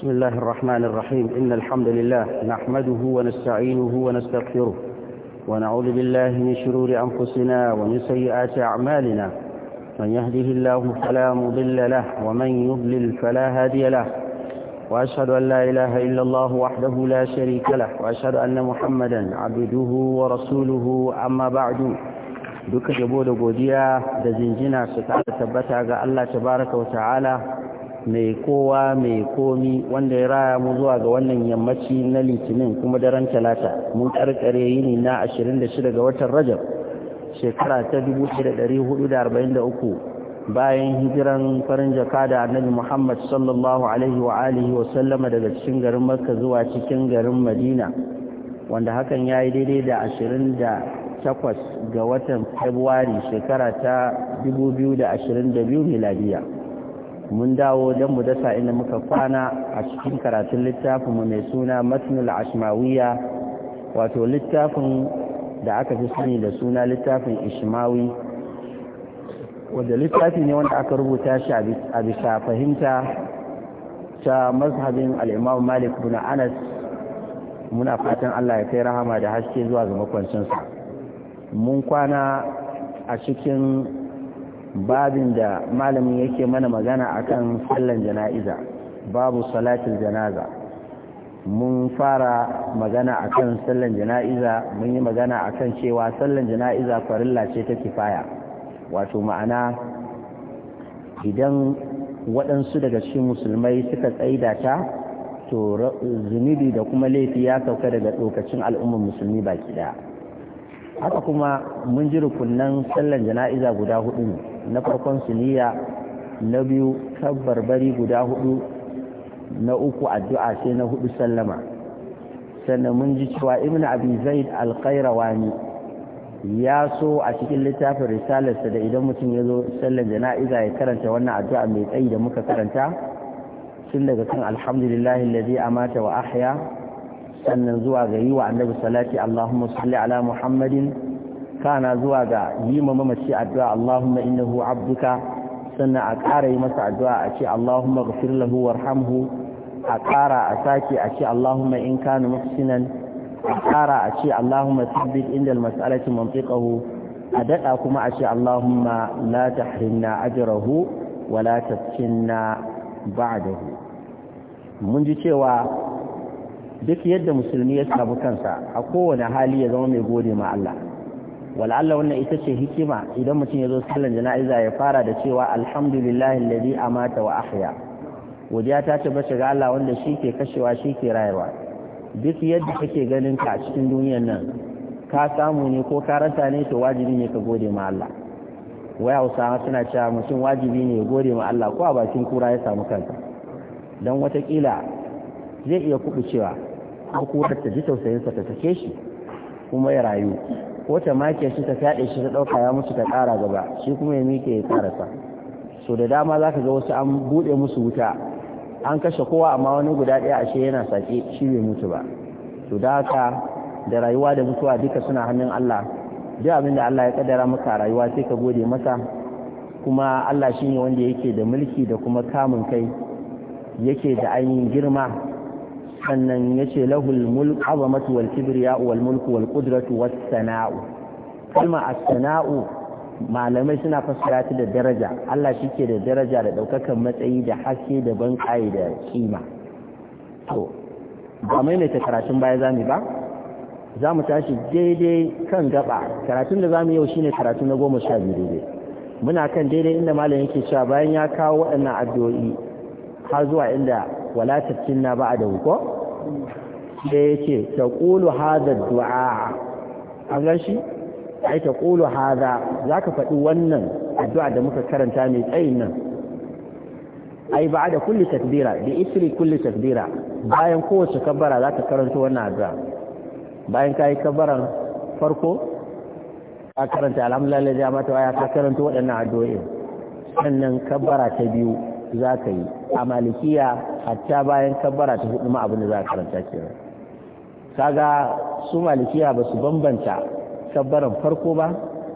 بسم الله الرحمن الرحيم إن الحمد لله نحمده ونستعينه ونستغفره ونعوذ بالله من شرور أنفسنا ومن سيئات أعمالنا من يهده الله فلا مضل له ومن يضلل فلا هادي له وأشهد أن لا إله إلا الله وحده لا شريك له وأشهد أن محمدا عبده ورسوله أما بعد duka jabo da دزنجنا da jinjina الله تبارك وتعالى mai kowa mai komi wanda ya raya mu zuwa ga wannan yammaci na litinin kuma daren talata mun karkare yini na 26 ga watan rajab shekara ta 1443 bayan hijiran farin jaka da annabi muhammad sallallahu alaihi wa alihi wa sallama daga cikin garin makka zuwa cikin garin madina wanda hakan ya yi daidai da 28 ga watan februari shekara ta 2022 miladiya mun dawo don mu dasa inda muka kwana a cikin karatun littafinmu mai suna matnul ashmawiya wato littafin da aka fi sani da suna littafin ishmawi wanda littafi ne wanda aka rubuta shi a bisa fahimta ta mazhabin al'imam malik bin anas muna fatan allah ya kai rahama da haske zuwa ga makwancinsa mun kwana a cikin babin da malamin yake mana magana akan sallan jana'iza babu salatin janaza mun fara magana akan sallan jana'iza mun yi magana akan cewa sallan jana'iza farilla ce ta kifaya wato ma'ana idan waɗansu daga cikin musulmai suka tsaida ta to zunubi da kuma laifi ya sauka daga ɗokacin al'ummar musulmi baki ɗaya haka kuma mun ji rukunan sallan jana'iza guda hudu ne na farkon su na biyu bari guda hudu na uku addu'a sai na hudu sallama sannan mun ji cewa ibn abi zaid al ya so a cikin littafin risalarsa da idan mutum ya zo sallar jana'iza ya karanta wannan addu'a mai tsayi da muka karanta tun daga kan alhamdulillahi alladhi amata wa ahya sannan zuwa ga yi wa annabi salati allahumma salli ala muhammadin kana zuwa ga yi ma mamaci addu'a Allahumma hu abduka sannan a ƙara yi masa addu'a a ce Allahumma ghafir lahu warhamhu a ƙara a sake a ce Allahumma in kanu muhsinan a ƙara a ce Allahumma tabbit inda al-mas'alati mantiqahu a daɗa kuma a ce Allahumma la tahrimna ajrahu wa la mun ji cewa duk yadda musulmi ya sabu kansa a kowane hali ya zama mai gode ma Allah wal'alla wannan ita ce hikima idan mutum ya zo sallan jana'iza ya fara da cewa alhamdulillahi alladhi amata wa ahya godiya ta tabbata ga Allah wanda shi ke kashewa shi ke rayuwa duk yadda kake ganin ka cikin duniyar nan ka samu ne ko ka rasa ne to wajibi ne ka gode ma Allah Waya Hausawa suna cewa mutum wajibi ne ya gode ma Allah ko a bakin kura ya samu kansa dan watakila zai iya kubucewa ko kurar ta ji tausayinsa ta take shi kuma ya rayu ko ta make shi ta fyaɗe shi ta ɗauka ya musu ta ƙara gaba shi kuma ya mike ya ƙarasa so da dama za ka ga wasu an buɗe musu wuta an kashe kowa amma wani guda ɗaya ashe yana sake shi bai mutu ba to da haka da rayuwa da mutuwa duka suna hannun Allah duk abin da Allah ya kaddara maka rayuwa sai ka gode masa kuma Allah shine wanda yake da mulki da kuma kamun kai yake da ainihin girma sannan ya ce lahul mulk azamatu wal kibriya wal mulk wal qudratu was sana'u kalma as sana'u malamai suna fassara ta da daraja Allah shike da daraja da daukakan matsayi da haske da ban da kima to ba mai ne karatun baya zamu ba zamu tashi daidai kan gaba karatun da zamu yau shine karatu na goma biyu dai muna kan daidai inda malamin yake cewa bayan ya kawo waɗannan addu'o'i har zuwa inda wala a ba'dahu ko da ta kulu hada du'a an ai shi ai taqulu za zaka faɗi wannan addu'a da muka karanta mai tsayin nan ai da kulli takbira bi isri kulli takbira bayan kowace kabbara zaka karanta wannan addu'a bayan kai kabaran farko ka karanta alhamdulillah da mata waya ka karanta waɗannan addu'o'i sannan kabbara ta biyu zaka yi a malikiya hatta bayan kabbara ta hudu ma abin da za a karanta nan kaga su malikiya ba su bambanta kabbaran farko ba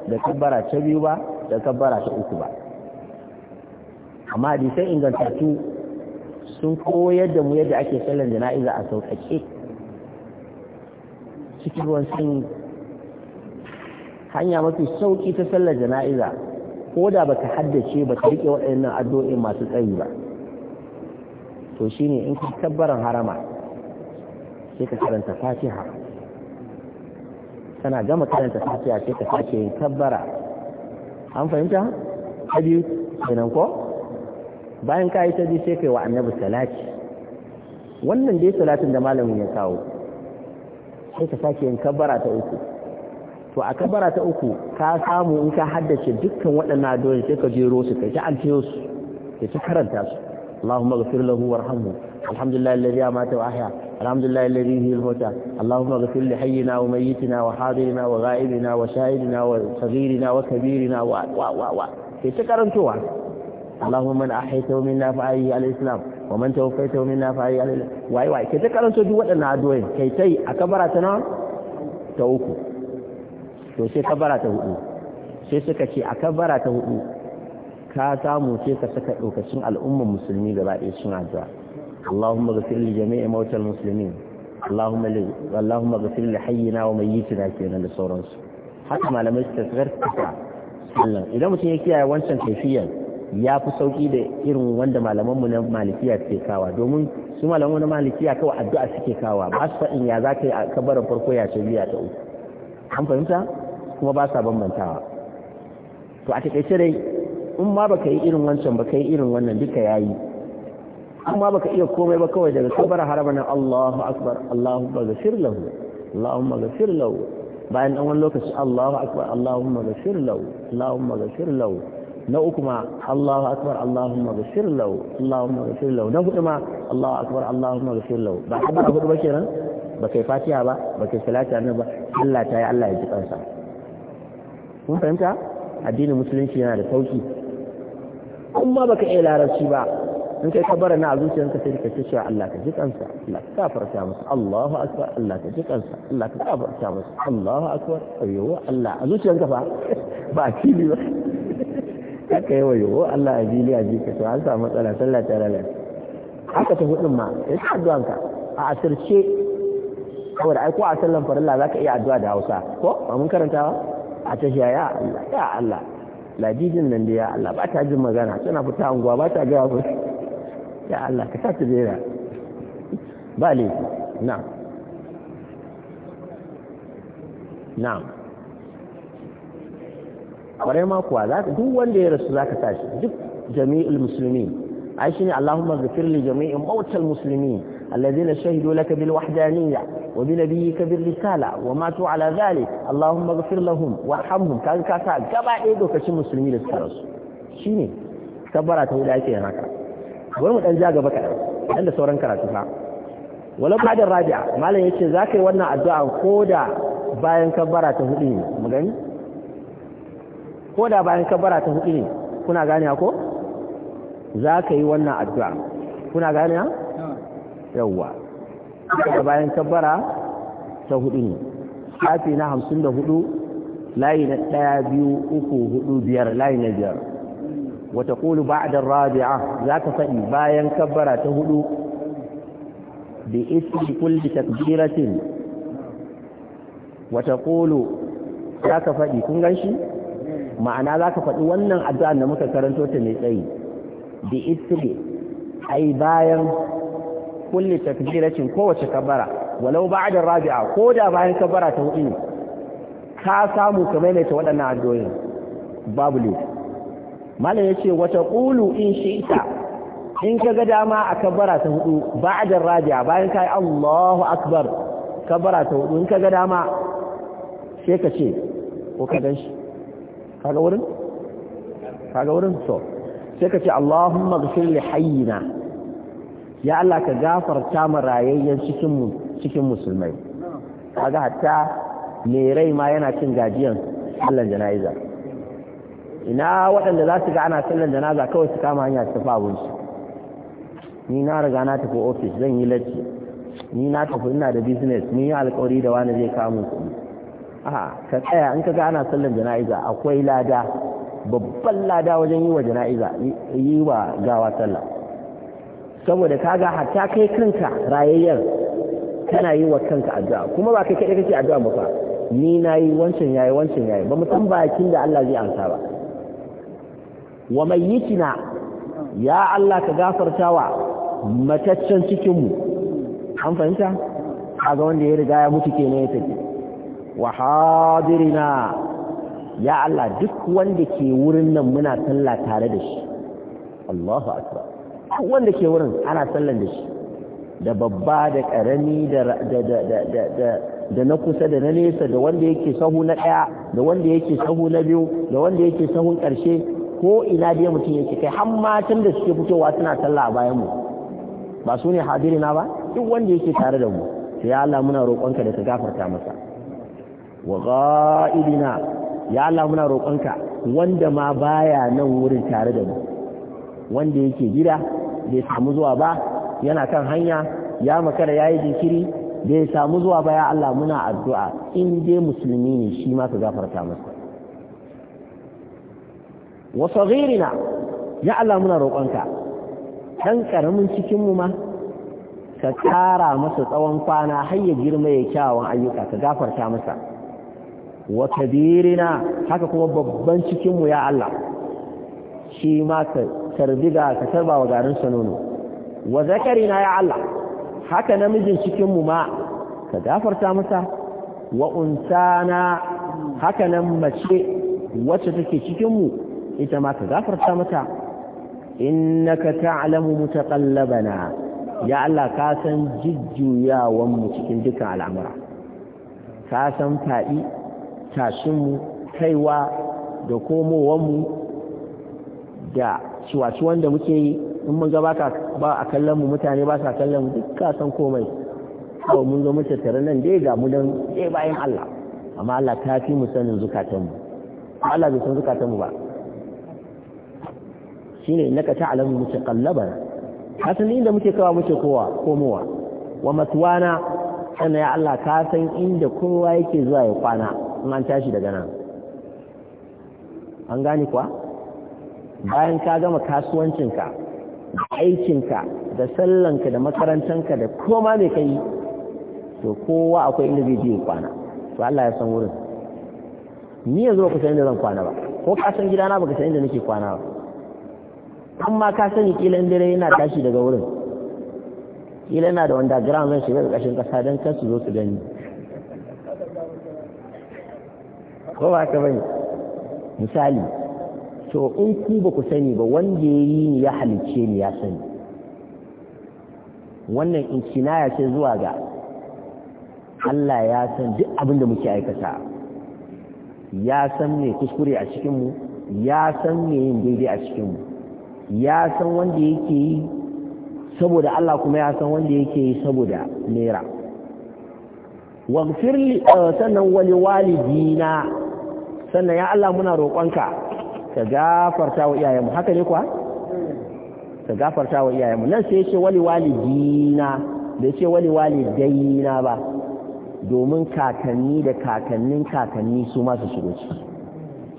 da kabbara ta biyu ba da kabbara ta uku ba amma sai ingantattu sun koyar da mu yadda ake sallan jana'iza a sauƙaƙe cikin ruwan sun hanya mafi sauƙi ta sallar jana'iza ko da baka haddace baka riƙe waɗannan addu'o'in masu tsayi ba to shi ne in ka tabbaran harama sai ka karanta fatiha Tana gama karanta fatiha sai ka sake yin tabbara. an fahimta ta biyu kenan ko bayan ka yi ta biyu sai kai wa annabi salati wannan dai salatin da malamin ya kawo sai ka sake yin tabbara ta uku to a tabbara ta uku ka samu in ka haddace dukkan waɗannan doyin sai ka jero su ka ji alfiyo su kai karanta su اللهم اغفر له وارحمه الحمد لله الذي أمات وأحيا الحمد لله الذي هي الموتى اللهم اغفر لحينا وميتنا وحاضرنا وغائبنا وشاهدنا وصغيرنا وكبيرنا و و و و يتكرنتوا اللهم من أحيته منا فأيه على الإسلام ومن توفيته منا فأيه على الإسلام واي واي يتكرنتوا دي وقتنا عدوين كي تي أكبرتنا توقو to sai kabara ta hudu sai suka ce a kabara ta hudu ka samu sai ka saka ɗaukacin al'ummar musulmi gaba ɗaya cin addu'a اللهم اغفر لجميع موتى المسلمين اللهم لي اللهم اغفر لحينا وميتنا كينا da sauransu haka malamai suka tsar kasa sallan idan mutum ya kiyaye wancan kaifiyar ya fi sauki da irin wanda malaman mu na malikiya suke kawa domin su malaman na malikiya kawai addu'a suke kawa ba su faɗin ya za yi a kabarin farko ya ce biya ta uku an fahimta kuma ba sa bambantawa to a take dai in ma baka yi irin wancan baka yi irin wannan duka yayi amma baka iya komai ba kawai daga kabar haraba na Allahu akbar Allahu baghfir lahu Allahumma ghafir lahu bayan dan wani lokaci Allahu akbar Allahumma ghafir lahu Allahumma ghafir lahu na uku ma Allahu akbar Allahumma ghafir lahu Allahumma ghafir lahu na hudu ma Allahu akbar Allahumma ghafir lahu ba ba hudu ba kenan ba kai fatiha ba ba kai salati ne ba Allah ta yi Allah ya ji kansa kun fahimta addinin musulunci yana da sauki in ma baka iya larabci ba in kai ka bara na a zuciyarka sai ka ce Allah ka ji kansa Allah ka kafarta masa Allahu akbar Allah ka ji kansa Allah ka kafarta masa Allahu akbar ayyo Allah a zuciyarka fa ba ne ba haka yawa yawa Allah a jili a ji ka to an samu matsala sallah ta rana haka ta hudun ma ya ci addu'anka a asirce saboda ai ko a sallan farilla zaka iya addu'a da Hausa ko ba mun karantawa a tashiya ya Allah ya Allah ladidin nan da ya Allah ba ta jin magana tana fita unguwa, ba ta gaya ba ya Allah ka sata bera. ba le na na kware ma kuwa za duk wanda ya rasu za ka tashi duk jami'ul musulmi ai shine Allahumma ghfir li jami'in mawtal muslimin alladhina shahidu laka bil wahdaniyya وبنبيك بالرسالة وماتوا على ذلك اللهم اغفر لهم وارحمهم كان كاسا gaba ɗaya dokacin musulmi da suka rasu shine kabbara ta wuda ake yin haka bari mu dan ja gaba ka dan da sauran karatu fa wala ba rabi'a malam yace zakai wannan addu'a koda bayan kabbara ta hudu ne mu gani koda bayan kabbara ta hudu ne kuna gane ko zaka yi wannan addu'a kuna gane yawwa daga bayan kabbara ta hudu ne shafi na hamsin da hudu layi na ɗaya biyu uku hudu biyar layi na biyar wata kulu da rabi'a za ka faɗi bayan kabbara ta hudu da isi da takbiratin wata kulu za ka faɗi kun gan shi ma'ana za ka faɗi wannan addu'a da muka karanto ta mai tsayi bi isi ai bayan kulli takbiratin kowace kabara walau ba'da rabi'a ko da bayan kabara ta hudu ne ka samu ka maimaita waɗannan addu'o'in babu ne malam yace wata qulu in shi'ta in ka ga dama a kabara ta hudu ba'da rabi'a bayan kai Allahu akbar kabara ta hudu in ka ga dama sai ka ce ko ka ganshi kaga wurin kaga wurin so sai ka ce Allahumma ghfir li hayyina ya Allah ka gafarta mu rayayyen cikin mu cikin musulmai kaga hatta me rai ma yana cin gajiyan sallan jana'iza ina waɗanda za su ga ana sallan janaza kawai su kama hanya su fa abinci ni na riga na tafi ofis zan yi lacci ni na tafi ina da business ni yi alƙawari da wani zai kawo mun kuɗi ka tsaya in ka ga ana sallan jana'iza akwai lada babban lada wajen yi wa jana'iza yi wa gawa sallah saboda kaga hatta kai kanka rayayyar kana yi wa kanka addu'a kuma ba kai kaɗai kake addu'a ba fa ni nayi wancan yayi wancan yayi ba mu bakin da Allah zai amsa ba wa mayyitina ya Allah ka wa mataccen cikin mu an fahimta kaga wanda ya riga ya mutu kenan ya tafi wa hadirina ya Allah duk wanda ke wurin nan muna sallah tare da shi Allahu akbar wanda ke wurin ana sallan da shi da babba da karami da na kusa da na nesa da wanda yake sahu na ɗaya da wanda yake sahu na biyu da wanda yake sahun ƙarshe ko ina dai mutum yake kai har matan da suke fitowa suna sallah a bayan mu ba su ne hadirina ba duk wanda yake tare da mu sai ya Allah muna roƙonka da ka gafarta masa wa ga'idina ya Allah muna roƙonka wanda ma baya nan wurin tare da mu wanda yake gida bai samu zuwa ba yana kan hanya ya makara ya yi jinkiri bai samu zuwa ba ya Allah muna addu'a in dai musulmi ne shi ma ka gafarta masa wa saghirina ya Allah muna roƙonka dan karamin cikin ma ka kara masa tsawon kwana har ya girma ya kyawun ayyuka ka gafarta masa wa kabirina haka kuma babban cikinmu mu ya Allah shi ma ka tarbiga ka tarba wa garin sa nono wa zakarina ya Allah haka namijin cikinmu ma ka gafarta masa wa unsana haka nan mace wacce take cikin mu ita ma ka gafarta mata innaka ta'lamu mutaqallabana ya Allah ka san jujjuyawan mu cikin dukkan al'amura ka san fadi tashin mu kaiwa da komowan mu da ciwaci wanda muke yi in mun ga ba a kallon mu mutane ba sa kallon mu duk ka san komai ko mun zo muke tare nan dai ga mu dan dai bayan Allah amma Allah ta fi mu sanin zukatan mu Allah bai san zukatan mu ba shine innaka ta'lamu mutaqallabana hasan inda muke kawa muke kowa komowa wa matwana sannan ya Allah ka san inda kowa yake zuwa ya kwana in an tashi daga nan an gane kuwa bayan ka gama kasuwancinka da aikinka da sallanka da makarantanka da koma mai kai to kowa akwai inda zai je kwana to Allah ya san wurin ni yanzu ba ku san inda zan kwana ba ko ka san gidana ba ka san inda nake kwana ba amma ka sani kila in dare yana tashi daga wurin kila yana da wanda gram zan shiga ƙarƙashin ƙasa don kan su zo su gani ko ba ka bane misali to in ku ba ku sani ba wanda ya yi ni ya halicce ni ya sani wannan in kinaya ce zuwa ga Allah ya san duk abin da muke aikata ya san me kuskure a cikinmu ya san me yin daidai a cikinmu ya san wanda yake yi saboda Allah kuma ya san wanda yake yi saboda naira waghfir li eh, sannan wali walidina sannan ya Allah muna roƙonka ka gafarta wa iyayenmu haka ne kuwa ka gafarta wa iyayenmu nan sai ce wali walidina da ce wali walidaina ba domin kakanni da kakannin kakanni su ma su shigo ciki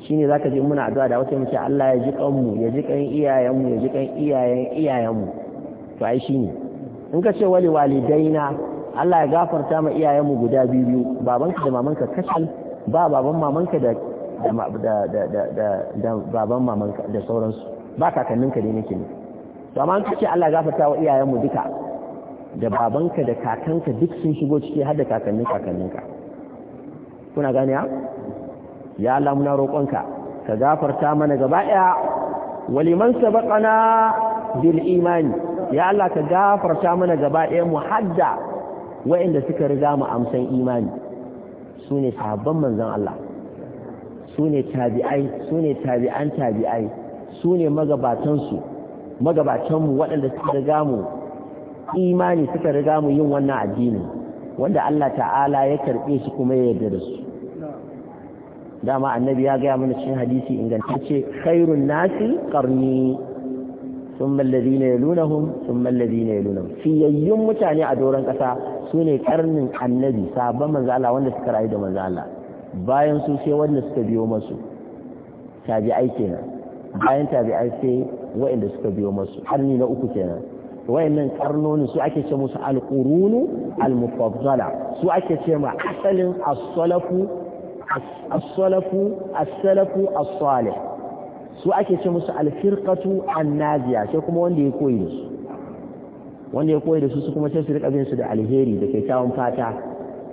shine zaka ji muna addu'a da wata mace Allah ya ji kanmu ya ji kan iyayenmu ya ji kan iyayen iyayenmu to ai shine in ka ce wali walidaina Allah ya gafarta ma iyayenmu guda biyu babanka da mamanka kashal ba baban mamanka da da baban mamanka da sauransu ba kakanninka ne nake ne to amma ka ce Allah gafarta wa iyayenmu duka da babanka da kakanka duk sun shigo ciki har da kakannin kakanninka kuna gane ya ya Allah muna roƙonka ka gafarta mana gaba ɗaya waliman sabaqana bil imani ya Allah ka gafarta mana gaba ɗaya mu hadda wa'inda suka riga mu amsan imani sune sahabban manzon Allah su ne tabi'ai su ne tabi'an tabi'ai su ne magabatansu magabatanmu waɗanda suka riga mu imani suka riga mu yin wannan addini wanda Allah ta'ala ya karɓe su kuma ya yarda da su dama annabi ya gaya mana cikin hadisi ingantacce khairun nasi qarni thumma alladhina yalunahum thumma alladhina yalunahum fiyayyun mutane a doron kasa sune karnin annabi sabon manzo Allah wanda suka rayu da manzo bayan su sai wanda suka biyo masu tabi'ai kenan bayan tabi'ai sai waɗanda suka biyo masu karni na uku kenan wayannan karnoni su ake ce musu Al-Urunu al almufaddala su ake ce ma asalin as-salafu as-salafu as-salafu as-salih su ake ce musu alfirqatu an-naziya sai kuma wanda ya koyi da su wanda ya koyi da su su kuma sai su rika bin su da alheri da kyakkyawan fata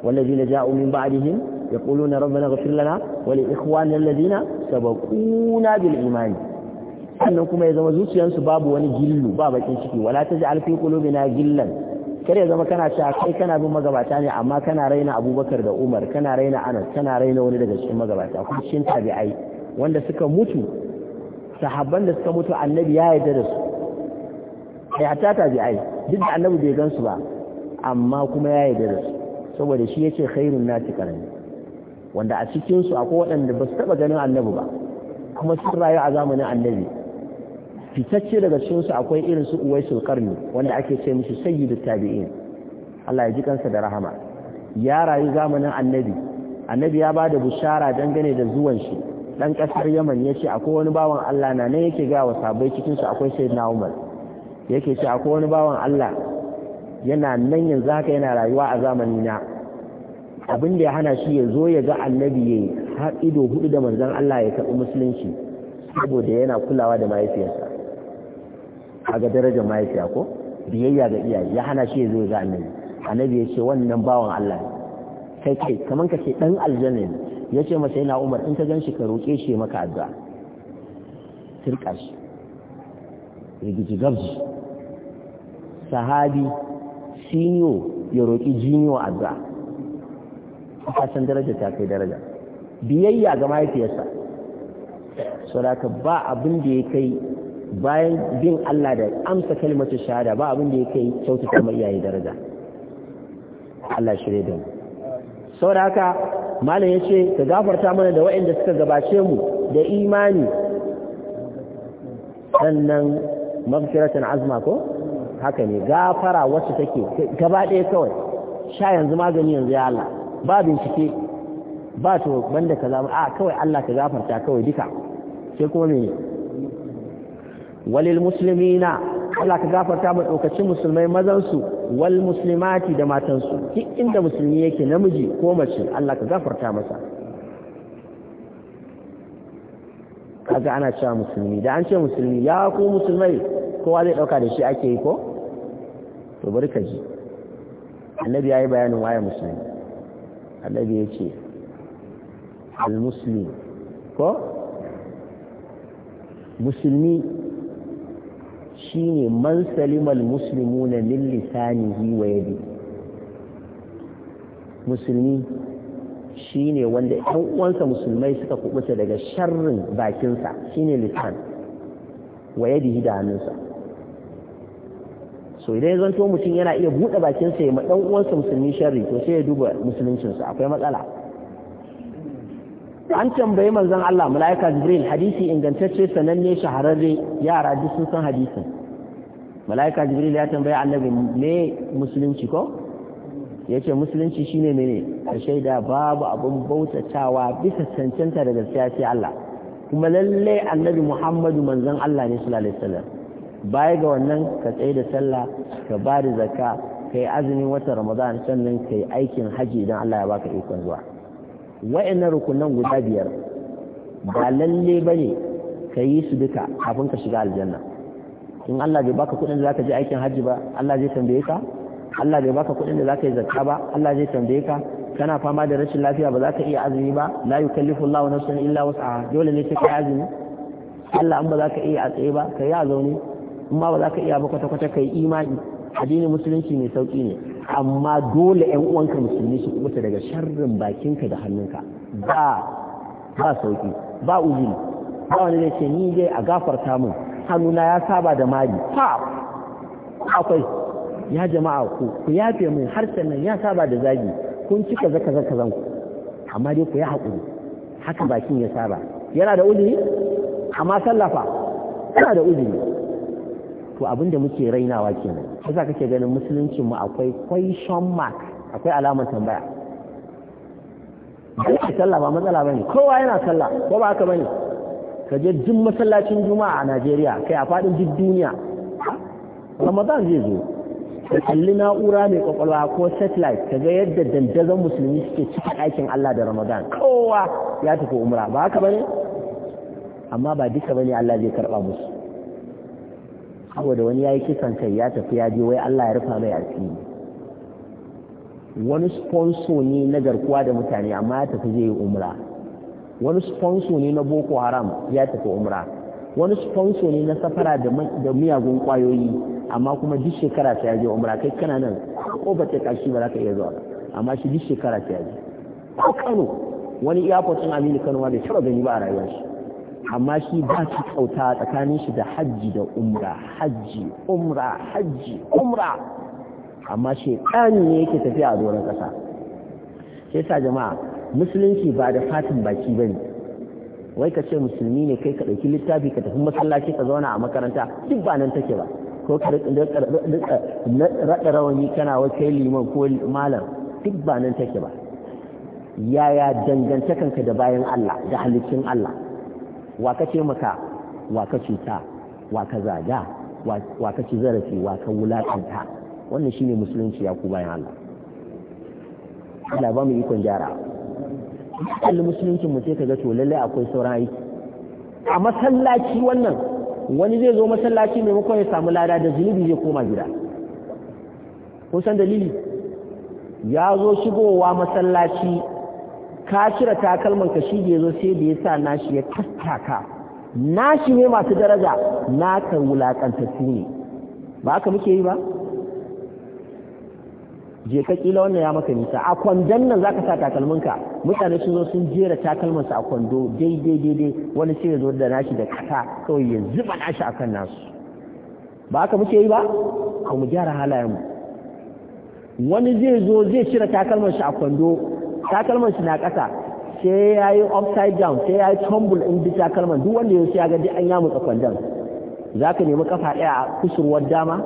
والذين جاءوا من بعدهم يقولون ربنا اغفر لنا ولإخواننا الذين سبقونا بالإيمان sannan kuma ya zama zuciyarsu babu wani gillu ba bakin ciki wala taj'al fi qulubina gillan kar ya zama kana cewa kai kana bin magabata ne amma kana raina Abubakar da Umar kana raina Anas kana raina wani daga cikin magabata kuma cikin tabi'ai wanda suka mutu sahabban da suka mutu annabi ya yarda da su ai hatta tabi'ai duk da annabi bai gansu ba amma kuma ya yarda da su saboda shi ya yace khairun nasi karami wanda a cikinsu akwai waɗanda ba su taɓa ganin annabi ba kuma sun rayu a zamanin annabi fitacce daga cikinsu akwai irin su uwai uwaisul karni wanda ake ce mishi sayyidu tabi'in Allah ya ji kansa da rahama ya rayu zamanin annabi annabi ya ba da bushara dangane da zuwan shi dan kasar yaman ya ce akwai wani bawan Allah na ne yake ga wa sabai cikinsu akwai na umar yake ce akwai wani bawan Allah yana nan yanzu haka yana rayuwa a zamani na abin da ya hana shi ya zo ya ga annabi ya har ido hudu da manzon Allah ya karɓi musulunci saboda yana kulawa da mahaifiyarsa a ga darajar mahaifiya ko biyayya ga iyaye ya hana shi ya zo ya ga annabi annabi ya ce wannan bawan Allah kai kai kaman ka ce dan aljanna ya ce masa yana umar in ka gan shi ka roƙe shi maka addu'a turka shi rigiji gabji sahabi senior ya roƙi junior addu'a ka san daraja ta kai daraja biyayya ga mahaifiyarsa saboda ba abin da ya kai bayan bin Allah da amsa kalmatu shahada ba abin da ya kai kyautata mai iyaye daraja Allah shirye da mu saboda haka malam yace ka gafarta mana da waɗanda suka gabace mu da imani sannan mafsiratan azma ko haka ne gafara wacce take gaba ɗaya kawai sha yanzu magani yanzu ya Allah ba bincike ba to banda kaza a kawai Allah ka gafarta kawai duka sai kuma me walil muslimina Allah ka gafarta ma daukacin musulmai mazan su wal muslimati da matan su duk inda musulmi yake namiji ko mace Allah ka gafarta masa kaga ana cewa musulmi da an ce musulmi ya ku musulmai kowa zai dauka da shi ake yi ko to bari ka ji annabi yayi bayanin waye musulmi annabi ya ce al-muslim ko musulmi shine man salimal muslimuna min lisanihi wa yadi musulmi shine wanda ɗan uwansa musulmai suka kubuta daga sharrin bakinsa shine lisan wa yadi da hannunsa so idan ya zanto mutum yana iya buɗe bakinsa ya ma ɗan uwansa musulmi sharri to sai ya duba musuluncinsa akwai matsala an tambayi manzon Allah malaika Jibril hadisi ingantacce sananne shahararre yara duk sun san hadisin malaika Jibril ya tambayi annabi me musulunci ko yace musulunci shine mene ka shaida babu abun bautatawa bisa cancanta da gaskiya sai Allah kuma lalle annabi Muhammadu manzon Allah ne sallallahu alaihi wasallam baya ga wannan ka tsaye da sallah ka ba da zakka ka yi azumin watan ramadan sannan ka yi aikin haji idan allah ya baka ikon zuwa wa'annan rukunan guda biyar ba lalle ba ne ka yi su duka kafin ka shiga aljanna in allah bai baka kuɗin da zaka je aikin haji ba allah zai tambaye ka allah bai baka kuɗin da zaka yi zakka ba allah zai tambaye ka kana fama da rashin lafiya ba za ka iya azumi ba la yukallifu Allahu nafsan illa wus'aha dole ne sai ka azumi Allah an ba za ka iya a tsaye ba ka yi a zaune amma ba za ka iya ba kwata-kwata ka yi imani addinin musulunci mai sauƙi ne amma dole ƴan uwanka musulmi su kubuta daga sharrin bakinka da hannunka ba ba sauƙi ba uzuri ba wani da ce ni dai a gafarta min hannuna ya saba da mali fa akwai ya jama'a ku ku yafe min har sannan ya saba da zagi kun cika zaka zaka ku. amma dai ku ya haƙuri haka bakin ya saba yana da uzuri amma sallafa yana da uzuri to abinda muke rainawa kenan kaza kake ganin musuluncin mu akwai question mark akwai alamar tambaya dan sallah ba matsala bane kowa yana sallah ko ba haka bane ka je duk masallacin juma'a a Najeriya kai a fadin duk duniya Ramadan zai zo ka kalli na'ura mai kwakwalwa ko satellite ka ga yadda dandazon musulmi suke cikin aikin Allah da Ramadan kowa ya tafi umra ba haka bane amma ba duka bane Allah zai karba musu saboda wani ya yi kisan kai ya tafi ya je wai Allah ya rufa mai asiri wani sponsor ne na garkuwa da mutane amma ya tafi zai yi umra wani sponsor ne na boko haram ya tafi umra wani sponsor ne na safara da miyagun kwayoyi amma kuma duk shekara sai ya je umra kai kana nan ko ba ta kashi ba za ka iya zuwa amma shi duk shekara sai ya je ko Kano wani airport din Aminu Kano ma bai taba gani ba a rayuwar shi amma shi ba shi kyauta tsakanin shi da hajji da umra hajji umra hajji umra amma shi shekani ne yake tafiya a doron ƙasa sai sa jama'a musulunci ba da fatin baki ba ne wai ka ce musulmi ne kai ka ɗauki littafi ka tafi masallaci ka zauna a makaranta duk ba nan take ba ko ka raɗa rawani kana wakai liman ko malam duk ba nan take ba yaya dangantakanka da bayan Allah da halittun Allah wa ka maka wa ka cuta wa ka zaga wa ka ci zarafi wa ka wulakanta wannan shine musulunci ya ku bayan Allah Allah ba mu ikon gyara kalli musulunci mu sai kaga to lalle akwai sauran aiki a masallaci wannan wani zai zo masallaci maimakon ya samu lada da zunubi zai koma gida kun san dalili ya zo shigowa masallaci ka cire takalman ka shi da zo sai da ya sa nashi ya tattaka nashi ne masu daraja na naka wulakantattu ne ba haka muke yi ba je ka kila wannan ya maka nisa a kwandon nan zaka sa takalminka mutane sun zo sun jera su a kwando daidai daidai wani sai ya zo da nashi da kasa kawai ya zuba nashi akan nasu ba haka muke yi ba ka mu gyara halayen mu. wani zai zo zai cire takalman shi a kwando takalman shi na ƙasa sai ya yi upside down sai ya yi tumble in bi takalman duk wanda ya ya gaji an yamu kwandon za ka nemi kafa ɗaya a kusurwar dama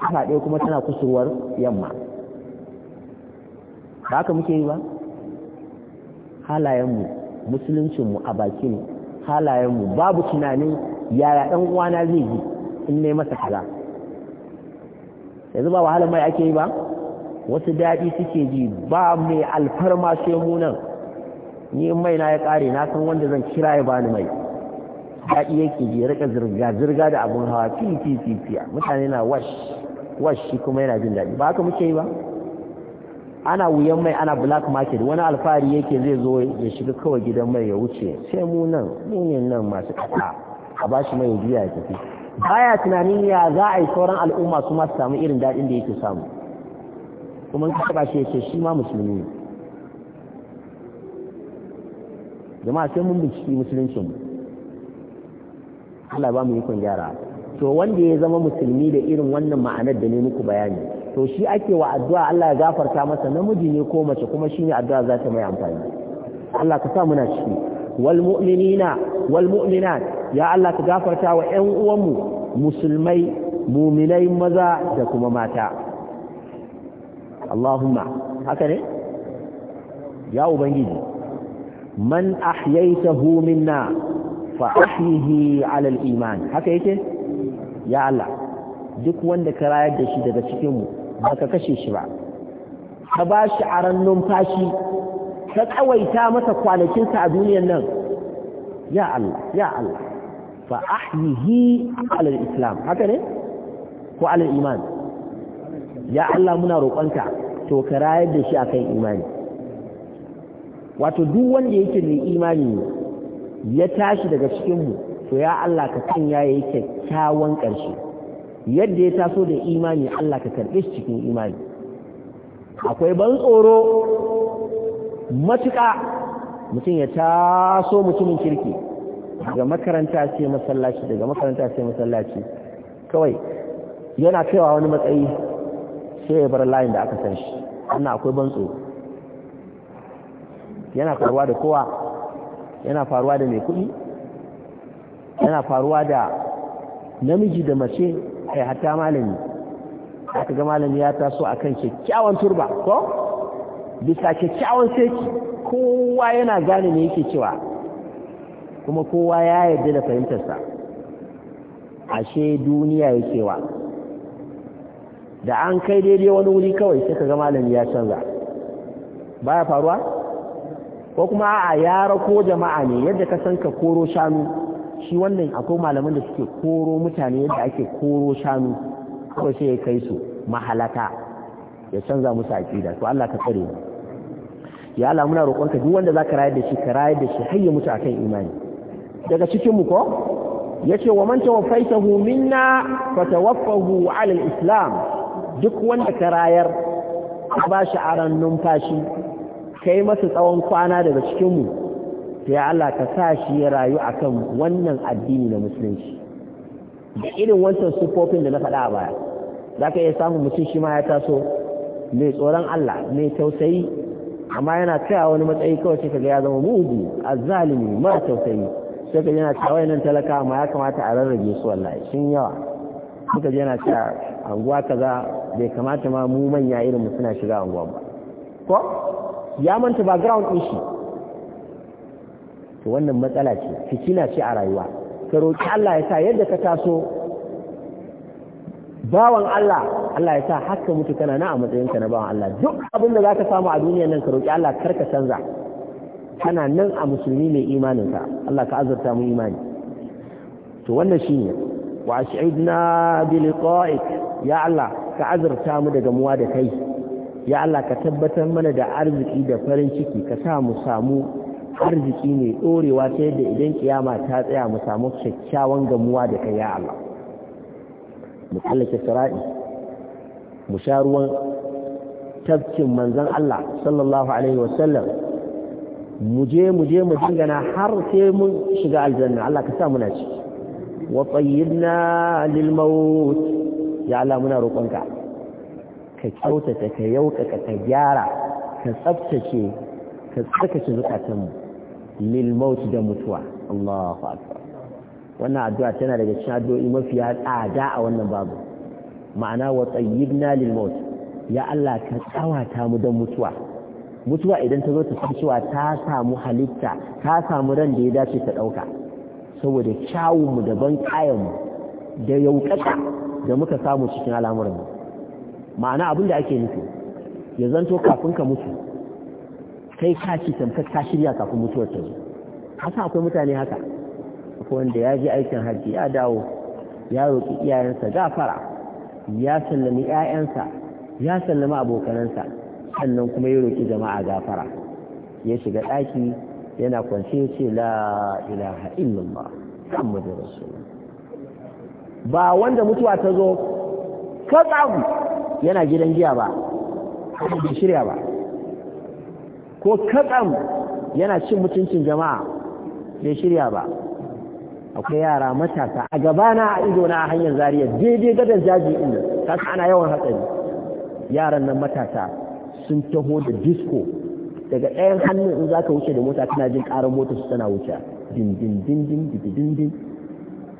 kafa ɗaya kuma tana kusurwar yamma ba ka muke yi ba halayenmu musuluncinmu a baki ne halayenmu babu tunanin yaya ɗan uwana zai yi in ne masa kaza yanzu ba wahalar mai ake yi ba wasu daɗi suke ji ba mai alfarma sai mu nan ni mai na ya ƙare na san wanda zan kira ya bani mai daɗi yake ji rika zirga zirga da abin hawa fi mutane na wash wash shi kuma yana jin daɗi ba haka muke yi ba ana wuyan mai ana black market wani alfahari yake zai zo ya shiga kawai gidan mai ya wuce sai mu nan mu ne nan masu ƙasa a ba shi mai ya tafi baya tunanin ya za a yi sauran al'umma su masu su samu irin daɗin da yake samu kuma ka taba shi ce shi ma musulmi ne jama'a sai mun binciki mu Allah ba mu yi gyara to wanda ya zama musulmi da irin wannan ma'anar da ne muku bayani to shi ake wa addu'a Allah ya gafarta masa namiji ne ko mace kuma shine addu'a za ta mai amfani Allah ka sa muna ciki wal mu'minina wal mu'minat ya Allah ka gafarta wa ƴan uwanmu musulmai muminai maza da kuma mata Allahumma haka ne ya ubangiji man ahyaytahu minna fa ahyihi ala al-iman haka yake ya Allah duk wanda ka rayar da shi daga cikin mu baka kashe shi ba ka bashi aran numfashi ka tsawaita masa kwanakin sa a duniyar nan ya Allah ya Allah fa ahyihi ala al-islam haka ne ko ala al-iman ya Allah muna roƙonka to ka rayar da shi akan imani wato duk wanda yake mai imani ya tashi daga cikinmu to ya Allah ka sanya ya yi kyakkyawan ƙarshe yadda ya taso da imani Allah ka karɓe shi cikin imani akwai ban tsoro matuƙa mutum ya taso mutumin kirki daga makaranta sai masallaci daga makaranta sai masallaci kawai yana kaiwa wani matsayi sai ya bar layin da aka san shi wannan akwai ban yana faruwa da kowa yana faruwa da mai kuɗi yana faruwa da namiji da mace kai hatta malami aka ga malami ya taso a kan kyakkyawan turba ko bisa kyakkyawan seki kowa yana gane me yake cewa kuma kowa ya yarda da fahimtarsa ashe duniya yake wa da an kai daidai wani wuri kawai sai ka ga malami ya canza baya faruwa ko kuma a ya rako jama'a ne yadda ka san ka koro shanu shi wannan akwai malaman da suke koro mutane yadda ake koro shanu kawai sai ya kai su mahalaka ya canza musu aqida to Allah ka tsare ya Allah muna roƙonka duk wanda zaka rayar da shi ka rayar da shi har ya mutu akan imani daga cikin mu ko yace wa man tawaffaitahu minna fatawaffahu ala al-islam duk wanda ka rayar ka ba shi aran numfashi ka yi masa tsawon kwana daga cikinmu sai Allah ka sa shi ya rayu a kan wannan addini na musulunci da irin wancan sufofin da na faɗa a baya za ka iya samun mutum shi ma ya taso mai tsoron Allah mai tausayi amma yana kaya wani matsayi kawai sai kaga ya zama mugu azzalimi mara tausayi sai ka yana kawai nan talaka amma ya kamata a rarrabe su wallahi sun yawa suka jana yana cewa anguwa kaza bai kamata ma mu manya irin mu suna shiga anguwa ba ko ya manta ground din shi to wannan matsala ce fitina ce a rayuwa ka roki Allah ya sa yadda ka taso bawan Allah Allah ya sa haka mutu kana na a matsayin ka na bawan Allah duk abin da zaka samu a duniyar nan ka roki Allah kar ka canza kana nan a musulmi mai imanin ka Allah ka azurta mu imani to wannan shine wa ash'idna bi liqa'ik ya Allah ka azurta mu da gamuwa da kai ya Allah ka tabbatar mana da arziki da farin ciki ka sa mu samu arziki ne dorewa ta yadda idan kiyama ta tsaya mu samu kyakkyawan gamuwa da kai ya Allah mu tsallake sira'i mu sha ruwan tafkin manzon Allah sallallahu alaihi wasallam mu je mu je mu har sai mun shiga aljanna Allah ka sa muna ciki wa tsayyibna lil maut ya Allah muna roƙonka ka kyautata ka yaukaka ka gyara ka tsaftace ka tsarkake zukatanmu lil maut da mutuwa Allahu akbar wannan addu'a tana daga cikin addu'o'i mafiya tsada a wannan babu ma'ana wa tsayyibna lil maut ya Allah ka tsawata mu da mutuwa mutuwa idan ta zo ta san cewa ta samu halitta ta samu ran da ya dace ta ɗauka saboda kyawunmu da ban kayanmu da yaukata da muka samu cikin al'amuranmu ma'ana abin da ake nufi ya zanto kafin ka mutu kai ka ci tamkar ka shirya kafin mutuwar ta A haka akwai mutane haka akwai wanda ya je aikin hajji ya dawo ya roƙi iyayensa gafara ya sallami 'ya'yansa ya sallami abokanansa sannan kuma ya roƙi jama'a gafara ya shiga ɗaki yana kwance ce la ilaha illallah muhammadu rasulullah ba wanda mutuwa ta zo katsamu yana gidan giya ba bai shirya ba ko katsam yana cin mutuncin jama'a bai shirya ba akwai yara matasa a gabana a ido na hanyar zariya daidai gadon jaji inda kasa ana yawan hatsari yaran nan matasa sun taho da disco daga ɗayan hannun in za ka wuce da mota kana jin ƙarar mota su tana wuce din din din din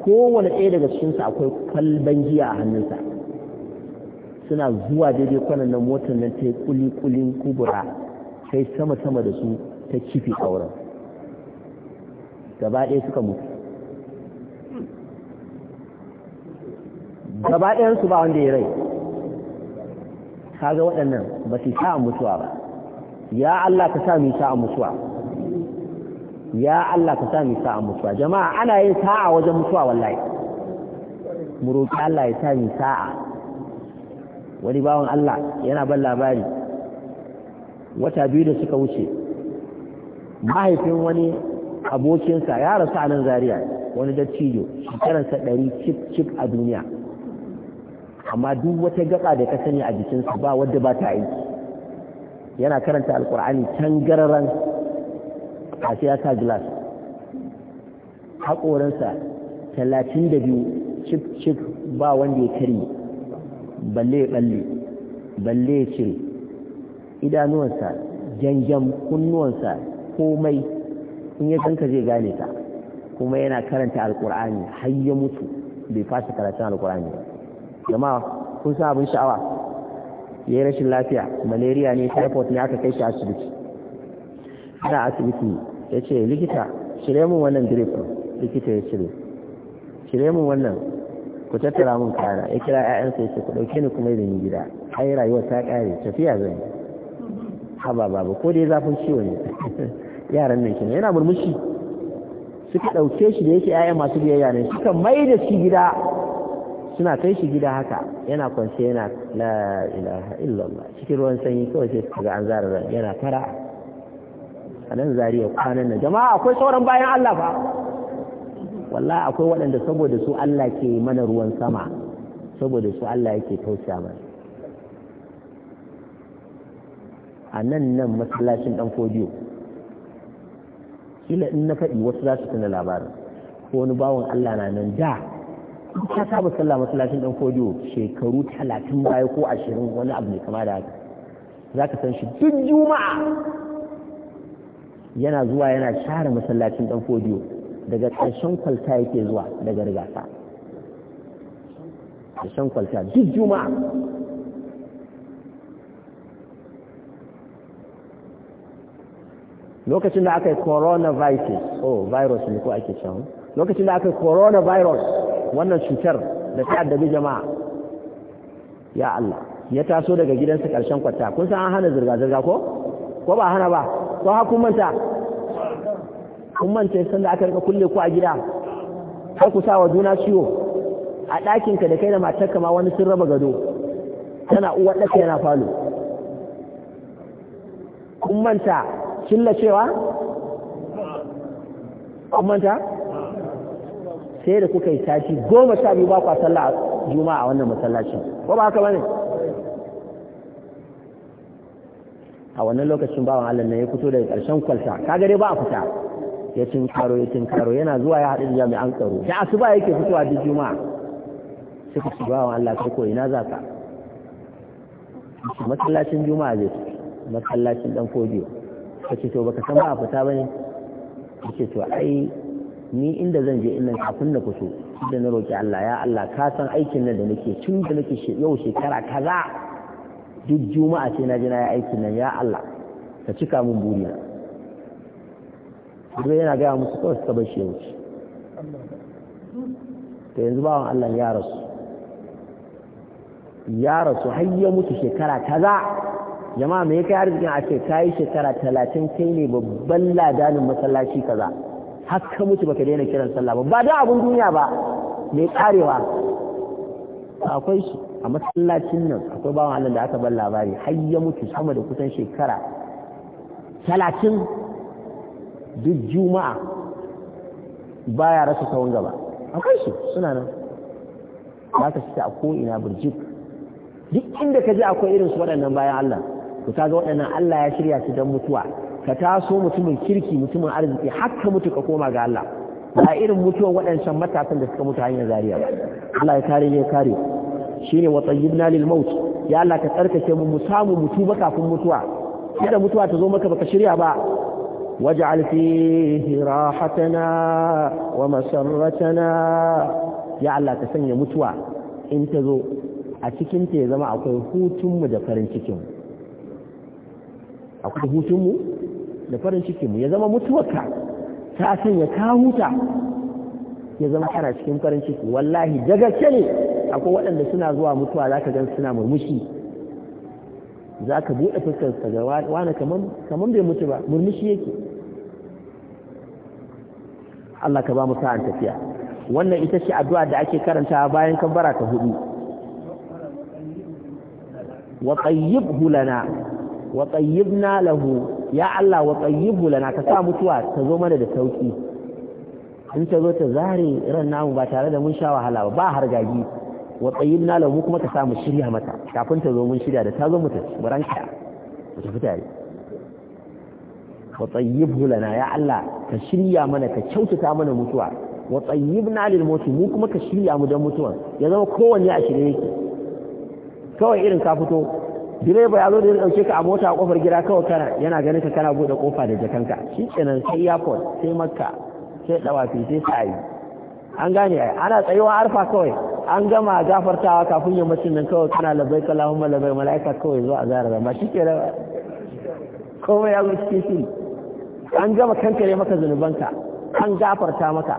kowane ɗaya daga cikinsu akwai kwalban giya a hannunsa suna zuwa daidai kwanan nan motar nan ta yi kuli kulin kubura sai sama sama da su ta kifi auren gaba ɗaya suka mutu gaba ɗayansu ba wanda ya rai kaga waɗannan ba su sa mutuwa ba ya Allah ka sa mu mutuwa ya Allah ka sa mu mutuwa jama'a ana yin sa'a wajen mutuwa wallahi mu roki Allah ya sa mu sa'a wani bawan Allah yana ban labari wata biyu da suka wuce mahaifin wani abokinsa ya rasu a nan Zariya wani dattijo shekararsa ɗari cip cip a duniya amma duk wata gaba da ka sani a jikinsa ba wadda ba ta aiki yana karanta alkur'ani tangararan a sai ya sa glass haƙoransa talatin da biyu cik cik ba wanda ya kari balle balle balle ya cire idanuwansa janjan kunnuwansa komai in ya ganka zai gane ta kuma yana karanta alkur'ani har ya mutu bai fasa karatun alkur'ani ba jama'a kun san abin sha'awa ya yi rashin lafiya malaria ne typhoid ne aka kai shi asibiti da asibiti ya ce likita cire mun wannan drip likita ya cire cire mun wannan ku tattara mun kara ya kira ƴaƴansa ya ce ku ni kuma idan gida ai rayuwa ta kare tafiya zan yi haba baba ko dai zafin ciwo ne yaran nan kenan yana murmushi suka dauke shi da yake ƴaƴan masu biyayya ne suka maida shi gida suna kai shi gida haka yana kwance yana la ilaha illallah cikin ruwan sanyi kawai sai kaga an zara ran yana fara a nan zariya kwanan nan jama'a akwai sauran bayan Allah fa wallahi akwai waɗanda saboda su Allah ke mana ruwan sama saboda su Allah yake tausa mana a nan nan masallacin dan kodiyo kila in na faɗi wasu za su tuna labarin ko wani bawan Allah na nan da ta saba sallah masallacin dan kodiyo shekaru talatin baya ko ashirin wani abu ne kama da haka za ka san shi duk juma'a yana zuwa yana share masallacin dan kodiyo daga ƙarshen kwalta yake zuwa daga rigasa ƙarshen kwalta duk juma'a lokacin da aka yi coronavirus oh virus ne ko ake can lokacin da aka yi coronavirus wannan cutar da ta addabi jama'a ya Allah ya taso daga gidansa ƙarshen kwata kun san an hana zirga-zirga ko ko ba hana ba ko ha kun manta kun manta san da aka rika kulle ku a gida har ku sa wa juna ciwo a ɗakinka da kai da ka ma wani sun raba gado tana uwa ɗaka yana falo kun manta cewa kun manta sai da kuka yi tashi goma sha biyu ba kwa sallah juma'a a wannan masallacin ko ba haka bane a wannan lokacin bawan Allah ne ya fito daga karshen kwalta kaga dai ba a fita ya karo ya karo yana zuwa ya haɗu da jami'an tsaro da asuba yake fitowa duk juma'a sai ku bawan Allah kai ko ina za ka masallacin juma'a zai masallacin dan fodiyo kace to baka san ba a fita bane kace to ai ni inda zan je innan kafin na fito da na roƙi Allah ya Allah ka san aikin nan da nake tun da nake yau shekara kaza duk juma'a ce na ji na yi aikin nan ya Allah ka cika min burina duk yana gaya musu kawai suka bar shi ya wuce to yanzu bawan Allah ya rasu ya rasu har ya mutu shekara kaza jama'a me kai arzikin a ce kayi shekara talatin kai ne babban ladanin masallaci kaza har ka mutu baka daina kiran sallah ba ba da abun duniya ba mai karewa akwai shi a masallacin nan akwai bawan Allah da aka bar labari har ya mutu sama da kusan shekara talatin duk juma'a baya rasa tsawon gaba akwai shi suna nan ba ka a ko'ina burjik duk inda ka ji akwai irin su waɗannan bayan Allah ku ga waɗannan Allah ya shirya su don mutuwa ka taso mutumin kirki mutumin arziki haka mutu ka koma ga Allah ba irin mutuwan waɗancan matasan da suka mutu hanyar zariya ba Allah ya kare ne kare shine wa tayyibna lil maut ya Allah ka tsarkake mu mu samu mutu ba kafin mutuwa kada mutuwa ta zo maka baka shirya ba waj'al fihi rahatana wa masarratana ya Allah ka sanya mutuwa in ta zo a cikin ta ya zama akwai hutunmu da farin cikinmu akwai hutunmu da farin cikin mu ya zama mutuwarka ta sanya ka huta ya zama kana cikin farin ciki wallahi dagace ne akwai waɗanda suna zuwa mutuwa za ka gan suna murmushi za ka buɗe fuskarsa ga wani kamar bai mutu ba murmushi yake Allah ka ba mu sa'an tafiya wannan ita ce addu'a da ake karanta bayan kan ta hudu wa tayyibhu lana wa tayyibna lahu ya Allah wa tsayyibu lana ka sa mutuwa ta zo mana da sauki in ta zo ta zare ran namu ba tare da mun sha wahala ba ba gagi wa tsayyibna mu kuma ka sa mu shirya mata kafin ta zo mun shirya da ta zo mu tafi mu ranka mu tafi tare wa tsayyibu lana ya Allah ka shirya mana ka kyautata mana mutuwa wa na lil mutu mu kuma ka shirya mu dan mutuwa. ya zama kowanne a shirye yake kawai irin ka fito direba ya zo da ya dauke ka a mota a kofar gida kawai kana yana ganin ka kana bude kofa da jakanka shi kenan sai airport sai makka sai dawafi sai sa'i an gane ai ana tsayuwa arfa kawai an gama gafartawa kafin yammacin nan kawai kana labai kalahumma labai mala'ika kawai zuwa a zara zama shi rawa komai ya zo cikin shi an gama ne maka zunubanka an gafarta maka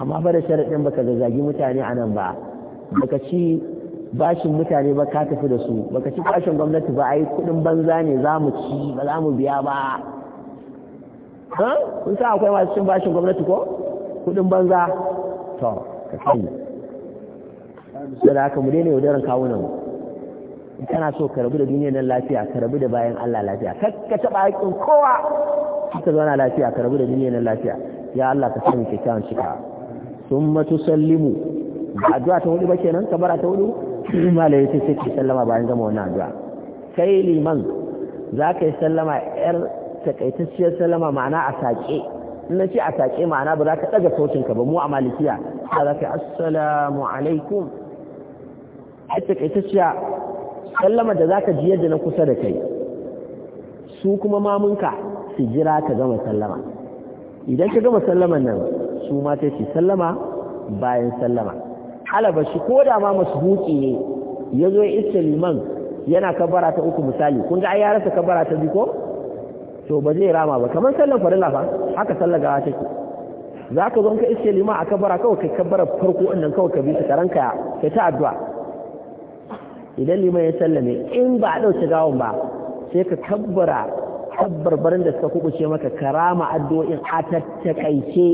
amma ba da sharaɗin baka zazzagi mutane a nan ba baka ci bashin mutane ba ka tafi da su baka ci bashin gwamnati ba ai kudin banza ne za mu ci ba za mu biya ba ha kun sa akwai masu cin bashin gwamnati ko kudin banza to ka sani da aka mu daina yaudaran kawunan nan kana so ka rabu da duniyar nan lafiya ka rabu da bayan Allah lafiya kar ka taba kowa ka zauna lafiya ka rabu da duniyar nan lafiya ya Allah ka sani kyakkyawan cika summa tusallimu addu'a ta hudu ba kenan bara ta hudu malai ta sai ki sallama bayan gama wannan addu'a kai liman za ka yi sallama yar takaitacciyar sallama ma'ana a saƙe in na ce a saƙe ma'ana ba za ka ɗaga sautinka ba mu a malikiya za ka yi assalamu alaikum a takaitacciya sallama da za ka ji yadda na kusa da kai su kuma mamunka su jira ka gama sallama idan ka gama sallaman nan su ma sai su sallama bayan sallama alabashi ko da ma masbuki ne ya zo ya liman yana kabara ta uku misali kun ga ai ya rasa kabara ta biyu ko to ba zai rama ba kamar sallar farilla fa haka sallar gawa take za ka zo ka iske liman a kabara kawai kai kabara farko ɗin nan kawai ka bi ta karanka ka ta addu'a idan liman ya sallame in ba a ɗauke gawon ba sai ka kabbara barin da suka kubuce maka karama addu'o'in a tattakaice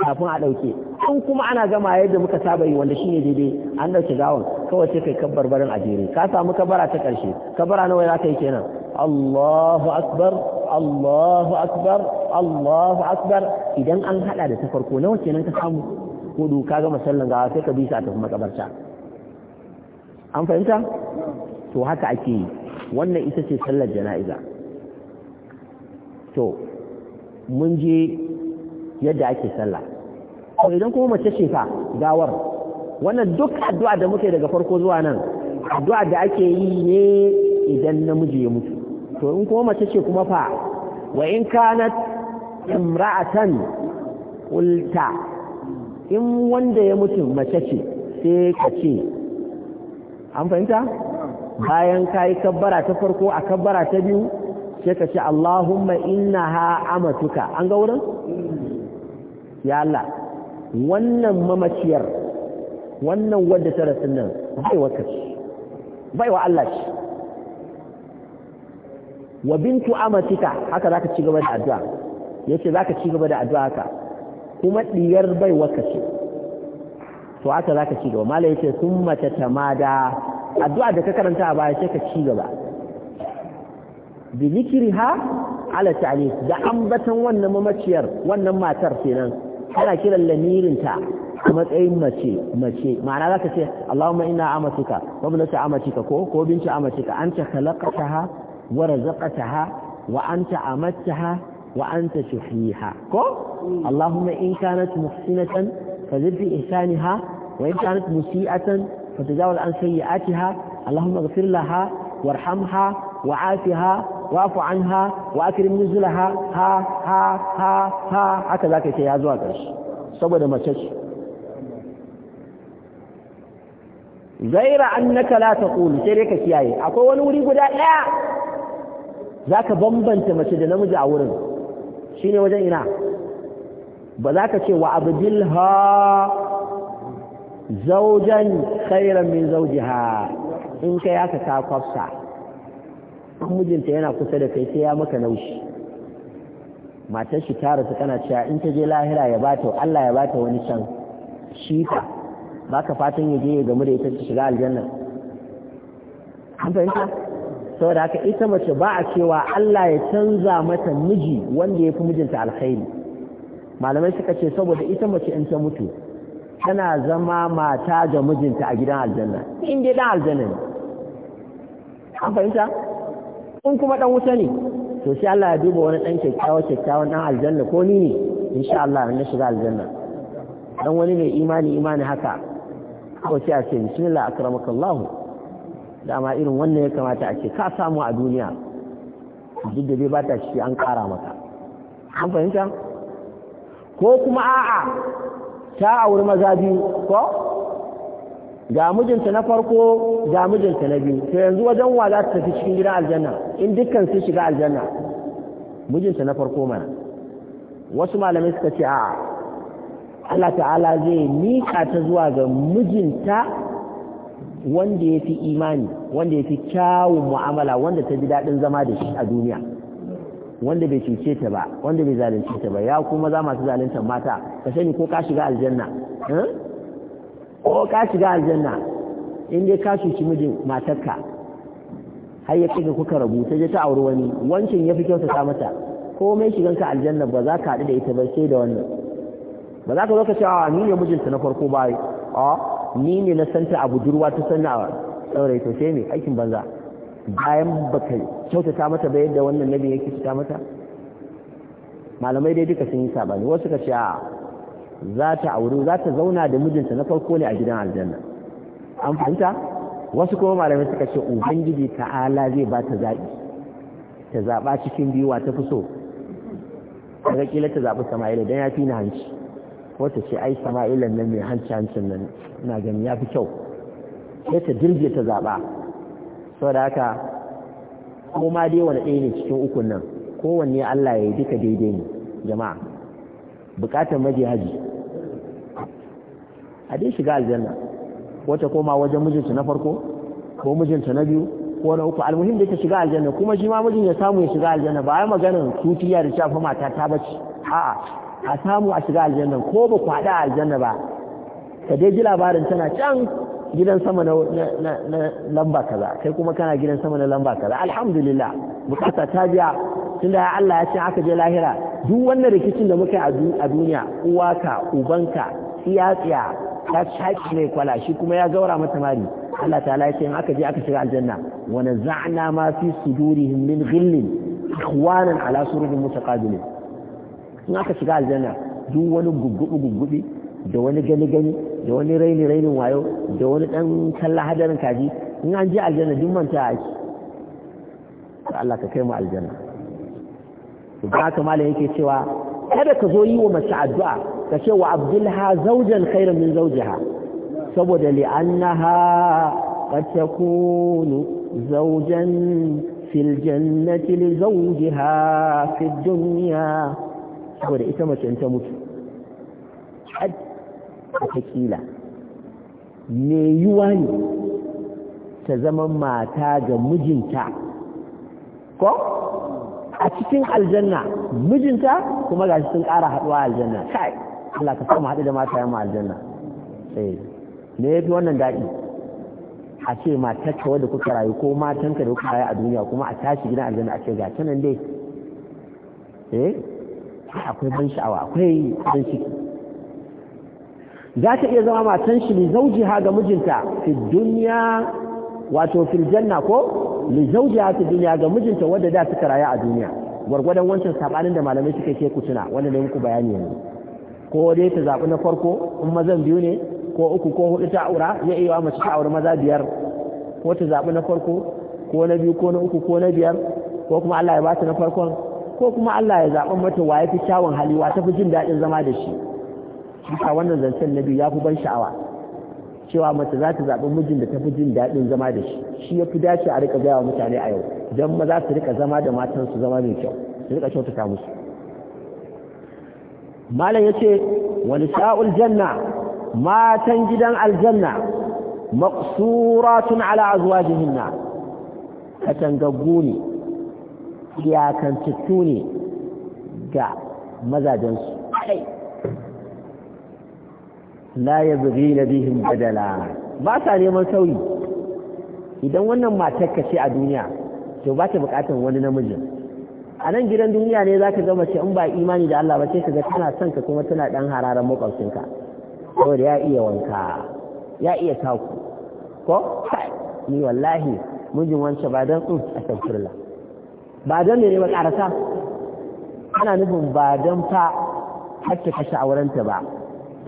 kafin a ɗauke in kuma ana gama yadda muka saba yi wanda shine daidai an dauke gawon kawai sai kai kabbar barin a jere ka samu kabara ta karshe kabara nawa za ka yi kenan Allahu akbar Allahu akbar Allahu akbar idan an hada da ta farko nawa kenan ka samu hudu ka gama sallan gawa sai ka bi sa tafi kabarta an fahimta to haka ake yi wannan ita ce sallar jana'iza to mun je yadda ake sallah to idan kuma mace ce fa gawar wannan duk addu'a da muke daga farko zuwa nan addu'a da ake yi ne idan namiji ya mutu to in kuma mace ce kuma fa wa in kanat imra'atan ulta in wanda ya mutu mace ce sai ka ce an fahimta bayan kayi kabbara ta farko a kabbara ta biyu sai ka ce Allahumma ha amatuka an ga wurin ya Allah wannan mamaciyar wannan wadda ta rasu nan bai wa kaci bai wa Allah shi wa bintu amatika haka zaka ci gaba da addu'a yace zaka ci gaba da addu'a haka kuma diyar bai wa kaci to haka zaka ci gaba malai yace summa tatamada addu'a da ka karanta a baya sai ka ci gaba bi zikriha ala ta'lif da ambatan wannan mamaciyar wannan matar kenan kana kiran lamirinta a matsayin mace mace ma'ana zaka ce Allahumma inna amatuka wa ibnatu amatika ko ko binti amatika anta khalaqtaha wa razaqtaha wa anta ha wa an anta tuhyiha ko Allahumma in kanat muhsinatan fazid bi ihsaniha wa in kanat musi'atan fatajawaz an sayyi'atiha Allahumma ighfir laha warhamha wa'afiha واعف عنها واكرم نزلها ها ها ها ها haka zaka ce ya zuwa ƙarshe saboda mace ce zaira annaka la taqulu sai dai ka kiyaye akwai wani wuri guda ɗaya zaka bambanta mace da namiji a wurin shine wajen ina ba za ka ce wa abdilha zaujan khairan min zawjiha in kai aka ta kwafsa in mijinta yana kusa da kai sai ya maka naushi matar shi ta rasu kana cewa in ta je lahira ya bata Allah ya bata wani can shi ka baka fatan ya je ya gamu da ita ta shiga aljanna an fahimta saboda haka ita mace ba a cewa Allah ya canza mata miji wanda ya fi mijinta alkhairi malamai suka ce saboda ita mace in ta mutu tana zama mata ga mijinta a gidan aljanna in dai dan aljanna ne an fahimta in kuma dan wuta ne to sai Allah ya duba wani dan kyakkyawa kyakkyawan dan aljanna ko ni ne insha Allah na shiga aljanna dan wani mai imani imani haka ko sai a ce bismillah Da dama irin wannan ya kamata a ce ka samu a duniya duk da bai ba ta shi an kara maka an fahimta ko kuma a'a ta auri maza biyu ko ga mijinta na farko ga mijinta na biyu to yanzu wajen wa za ta tafi cikin gidan aljanna in dukkan su shiga aljanna mijinta na farko mana wasu malamai suka ce a Allah ta'ala zai miƙa ta zuwa ga mijinta wanda ya fi imani wanda ya fi kyawun mu'amala wanda ta ji daɗin zama da shi a duniya wanda bai cuce ta ba wanda bai zalunce ta ba ya kuma za masu zaluntar mata ka sani ko ka shiga aljanna hm? ko ka shiga aljanna in dai ka cuci mijin matarka har ya kiga kuka rabu ta je ta auri wani wancan ya fi kyautata mata komai shigan ka aljanna ba za ka haɗu da ita ba sai da wannan ba za ka zo ka ce a ni ne mijinta na farko ba a ni ne na santa a budurwa ta sanna saurayi to sai ne aikin banza bayan baka kyautata mata ba yadda wannan nabi yake cuta mata malamai dai duka sun yi saɓani wasu ka ce a za ta auri za ta zauna da mijinta na farko ne a gidan aljanna an fahimta wasu kuma malamai suka ce ubangiji ta'ala zai ba ta zaɓi ta zaɓa cikin biyuwa ta fi so daga kila ta zaɓi sama'ila don ya fi na hanci wata ce ai sama'ilan nan mai hanci hancin nan na gani ya fi kyau sai ta dirje ta zaɓa saboda haka ko ma dai wani ɗaya ne cikin ukun nan kowanne Allah ya yi duka daidai ne jama'a bukatar maje haji a dai shiga aljanna wata koma wajen mijinta na farko ko mijinta na biyu ko na uku almuhim da ta shiga aljanna kuma shi ma mijin ya samu ya shiga aljanna ba ya maganar tutiya da cewa mata ta bace a'a a samu a shiga aljanna ko ba ku haɗa aljanna ba ka dai ji labarin tana can gidan sama na lamba kaza kai kuma kana gidan sama na lamba kaza alhamdulillah bukata ta biya tunda Allah ya ce aka je lahira duk wannan rikicin da muka yi a duniya uwaka ubanka tsiya ta shaƙi mai kwala shi kuma ya gaura mata mari Allah ta ya ce in aka je aka shiga aljanna wa naza'na ma fi sudurihim min ghillin ikhwanan ala sururin mutaqabilin in aka shiga aljanna duk wani guggubi gugubi da wani gani gani da wani raini rainin wayo da wani dan kalla hadarin kaji in an je aljanna duk manta ake Allah ka kai mu aljanna to ba malam yake cewa kada ka zo yi wa mace addu'a ka ce wa abdulha zaujan khairun min zaujiha saboda li'annaha qad zaujan fil jannati li zawjiha fi dunya saboda ita mace ta mutu had ta kila me yuwa ne ta zama mata ga mijinta ko a cikin aljanna mijinta kuma ga sun ƙara haɗuwa aljanna kai Allah ka samu haɗu da mata yamma aljanna eh, Me ya fi wannan daɗi a ce matarka wadda kuka rayu ko matanka da kuka rayu a duniya kuma a tashi gidan aljanna a ce ga ta nan dai eh akwai ban sha'awa akwai ban ciki za ta iya zama matan shi li ha ga mijinta fi duniya wato fi janna ko li ha fi duniya ga mijinta wadda da suka rayu a duniya gwargwadon wancan sabanin da malamai suka ke ku tuna wanda ne muku bayani yanzu ko dai ta zaɓi na farko in mazan biyu ne ko uku ko hudu ta aura zai iya mace ta aure maza biyar ko ta zaɓi na farko ko na biyu ko na uku ko na biyar ko kuma Allah ya ba ta na farkon ko kuma Allah ya zaɓi mata wa ya fi kyawun hali wa ta fi jin daɗin zama da shi bisa wannan zancen na biyu ya fi ban sha'awa cewa mace za ta zaɓi mijin da ta fi jin daɗin zama da shi shi ya fi dace a rika gaya wa mutane a yau don maza su riƙa zama da matansu zama mai kyau su riƙa kyautata musu malam yace wani nisa'ul janna matan gidan aljanna maqsuratun ala azwajihinna katangaggu ne iyakantattu ne ga mazajensu kai la yabghina bihim badala ba sa neman sauyi idan wannan matar ka ce a duniya to ba ta bukatan wani namiji. a nan gidan duniya ne zaka ga mace in ba imani da Allah ba sai ga tana son ka kuma tana dan hararan makwabcinka saboda ya iya wanka ya iya taku ko ni wallahi mijin wancan ba dan in mm, astaghfirullah ba dan ne ba karasa ana nufin ba dan fa ta kashe aurenta ba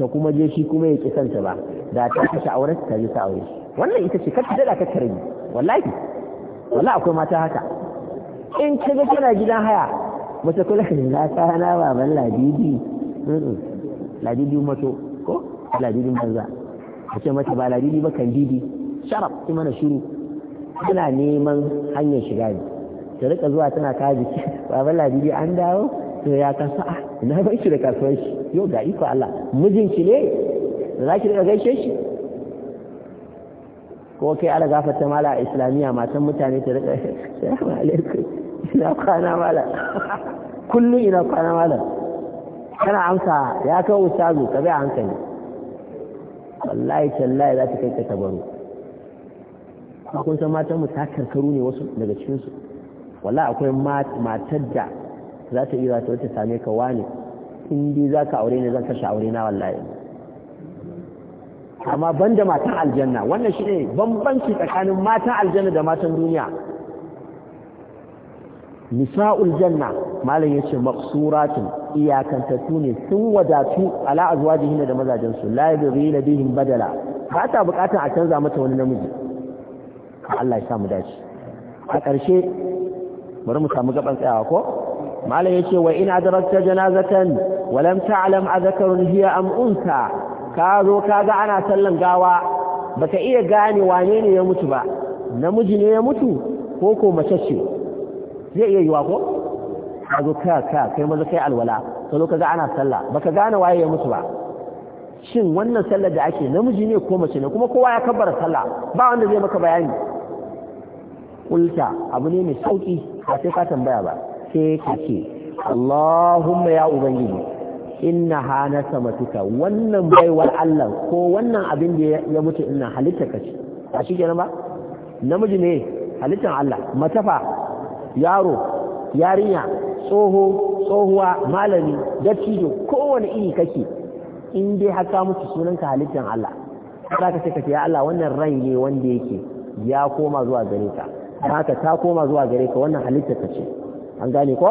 ta kuma je shi kuma ya kisanta ba da ta kashe aurenta ta yi sa aure wannan ita ce kar ta dada ka tarbi wallahi wallahi akwai mata haka in ka ga kana gidan haya mace kula da na kana baban ladidi ladidi mato ko ladidi banza a ce mata ba ladidi ba kan didi sharaf ki mana shiru tana neman hanyar shiga ne ta rika zuwa tana ka jiki baban ladidi an dawo to ya ka a na bai shi da kasuwanci yau ga iko Allah mijinki ne za ki rika gaishe shi ko kai ala gafata mala a islamiyya matan mutane ta rika salamu alaikum ina kwana mala kullum ina kwana malam kana amsa ya kawo ustazu ka bi hankali wallahi tallahi za ta kai ka tabaru ba kun san matan mu ta karkaru ne wasu daga cikin su wallahi akwai matar da za ta iya ta same ka wani in dai za ka aure ne zan kashe aure na wallahi amma ban da matan aljanna wannan shi ne bambanci tsakanin matan aljanna da matan duniya nisa'ul janna malam yace maqsuratun iyakantattu ne sun wadatu ala da mazajen su la yabghina bihim badala ba ta bukatan a canza mata wani namiji Allah ya sa mu dace a ƙarshe bari mu samu gaban tsayawa ko malam yace wa in adrakta janazatan wa lam ta'lam adhakarun hiya am unsa ka zo kaga ana sallan gawa baka iya gane wane ne ya mutu ba namiji ne ya mutu ko ko mace ce zai iya yiwa ko a zo ka ka kai maza kai alwala ka zo ka ga ana sallah baka gane waye ya mutu ba shin wannan sallar da ake namiji ne ko mace ne kuma kowa ya kabbara sallah ba wanda zai maka bayani kulta abu ne mai sauki ba sai ka tambaya ba sai ka ce Allahumma ya ubangiji inna hana samatuka wannan baiwar Allah ko wannan abin da ya mutu ina halitta kace a shi kenan ba namiji ne halittar Allah matafa yaro yarinya tsoho tsohuwa malami dattijo kowane iri kake in dai haka musu sunanka halittar Allah za ka ce ya Allah wannan rai ne wanda yake ya koma zuwa gare ka haka ta koma zuwa gare ka wannan halittar ka ce an gane ko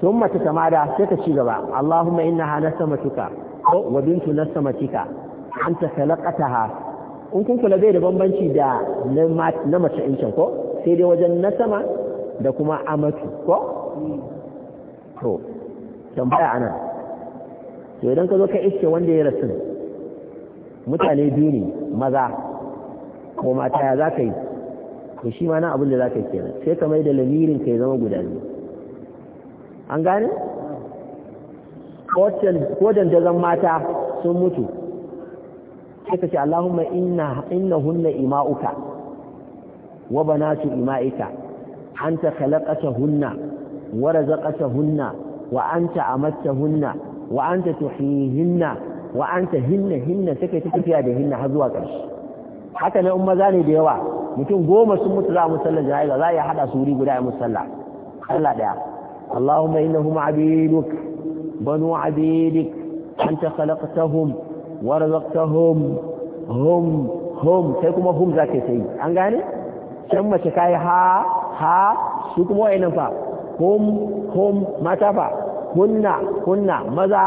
sun mace da sai ka ci gaba Allahumma sama tuka ko wa bintu na nasamatika anta khalaqataha in kun kula bai da bambanci da na mace in ko sai dai wajen na sama da kuma amatu ko to tambaya ana to idan ka zo ka iske wanda ya rasu mutane biyu ne maza ko mata ya za ka yi to shi ma nan abin da za ka yi kenan sai ka mai da lamirin ka yi zama guda ne an gane ko dandazon mata sun mutu sai ka ce Allahumma inna hunna ima'uka wa banatu ima'ika anta khalaqatahunna wa razaqatahunna wa anta amattahunna wa anta tuhihinna wa anta hinna hinna take ta tafiya da hinna har zuwa ƙarshe haka ne umma zane da yawa mutum goma sun mutu za a musalla jana'iza za a hada su guda a musalla Allah daya Allahumma hum hum sai kuma hum zaka sai an gane can mace kayi ha ha su kuma wa fa hum hum mata fa kunna kunna maza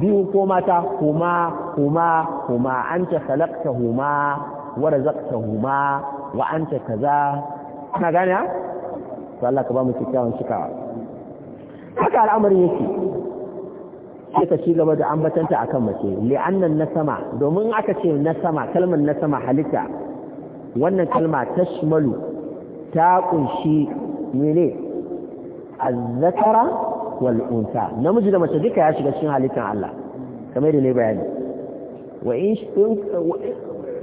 biyu ko mata huma huma huma anta huma wa huma, wa an ta kaza kana gane to Allah ka ba mu kikkiawan cikawa haka al'amarin yake sai ka ci gaba da ambatanta akan mace li'annan na sama domin aka ce na sama kalmar na sama halitta wannan kalma tashmalu ta kunshi mene azzakara wal unsa namiji da mace duka ya shiga cikin halittar Allah kamar da ne bayani wa in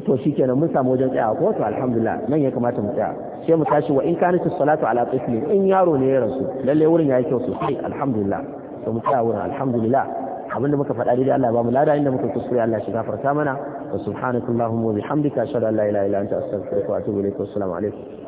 to kenan mun samu wajen tsaya ko to alhamdulillah nan ya kamata mu tsaya sai mu tashi wa in ta salatu ala tifli in yaro ne ya rasu lalle wurin yayi kyau sosai alhamdulillah to mu tsaya wurin alhamdulillah abinda muka faɗa daidai Allah ba mu lada inda muka kuskure Allah shi gafarta mana wa subhanakallahumma wa bihamdika ashhadu an la ilaha illa anta astaghfiruka wa atubu ilaik wa assalamu alaikum